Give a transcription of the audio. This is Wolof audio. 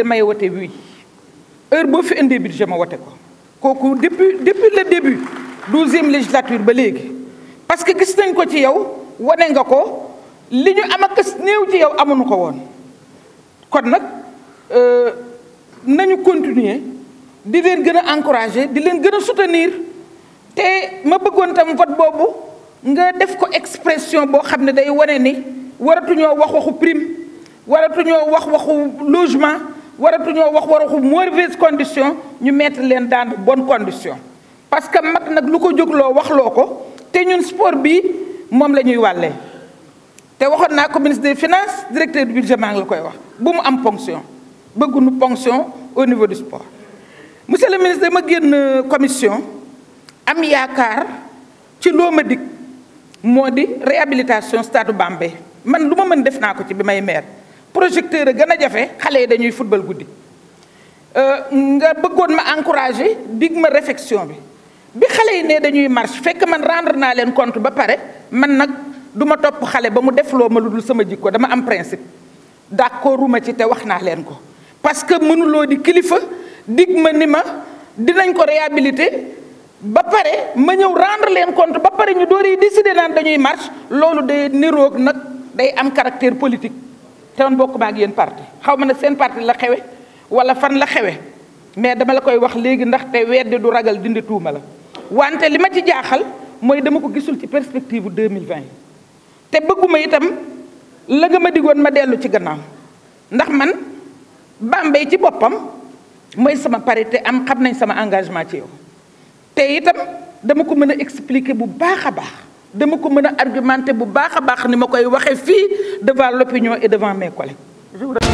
damay wote oui heure boo fi indee budget ma wote ko kooku depuis depuis le début douzième législature ba léegi parce que gis nañ ko ci yow wane nga ko li ñu am ak néew ci yow amuñu ko woon kon nag euh, nañu continuer di leen gën a encourager di leen gën a soutenir te ma bëggoon tam vote boobu nga def ko expression boo xam ne day wane ni waratuñoo wax waxu prime waratuñoo wax waxu logement waratuñoo wax waraxu mauvaise condition ñu mettre leen dans de bonnes conditions parce que mag nag lu ko jógloo waxloo ko ñun sport bi moom la ñuy Et je l'ai dit ministre des finances directeur du budget maa ngi la koy wax bu mu am ponction ponction au niveau du sport monsieur le ministre ma une commission am yaakaar ci loo ma dig moo réhabilitation stade Bambey man lu Je mën def naa de ci bi may maire projecteur a gën a jafe xale yi dañuy football guddi euh, nga bëggoon ma encouragé dig ma réflexion bi bi xale yi ne dañuy marche fekk man rendre naa leen compte ba pare man nag du ma topp xale ba mu def loo ma lu sama jikko dama am principe d'accord ma ci te wax naa leen ko parce que mënuloo di kilifa dig ma ni ma dinañ ko réhabilité ba pare ma ñëw rendre leen compte ba pare ñu door yi décider naan dañuy marche loolu day niroog nag day am caractère politique te man bokk ma ak yéen parti xaw ma nag seen parti la xewe wala fan la xewe mais dama la koy wax léegi ndaxte weddi du ragal dindi tuuma la wante li ma ci jaaxal mooy dama ko gisul ci perspective bu 2020 te bëgguma itam la nga ma digoon ma dellu ci gannaaw ndax man Bambey ci boppam mooy sama parité am xam nañ sama engagement ci yow te itam dama ko mën a expliquer bu baax a baax De me argumenter pour que je baax ni ma koy devant l'opinion et devant mes collègues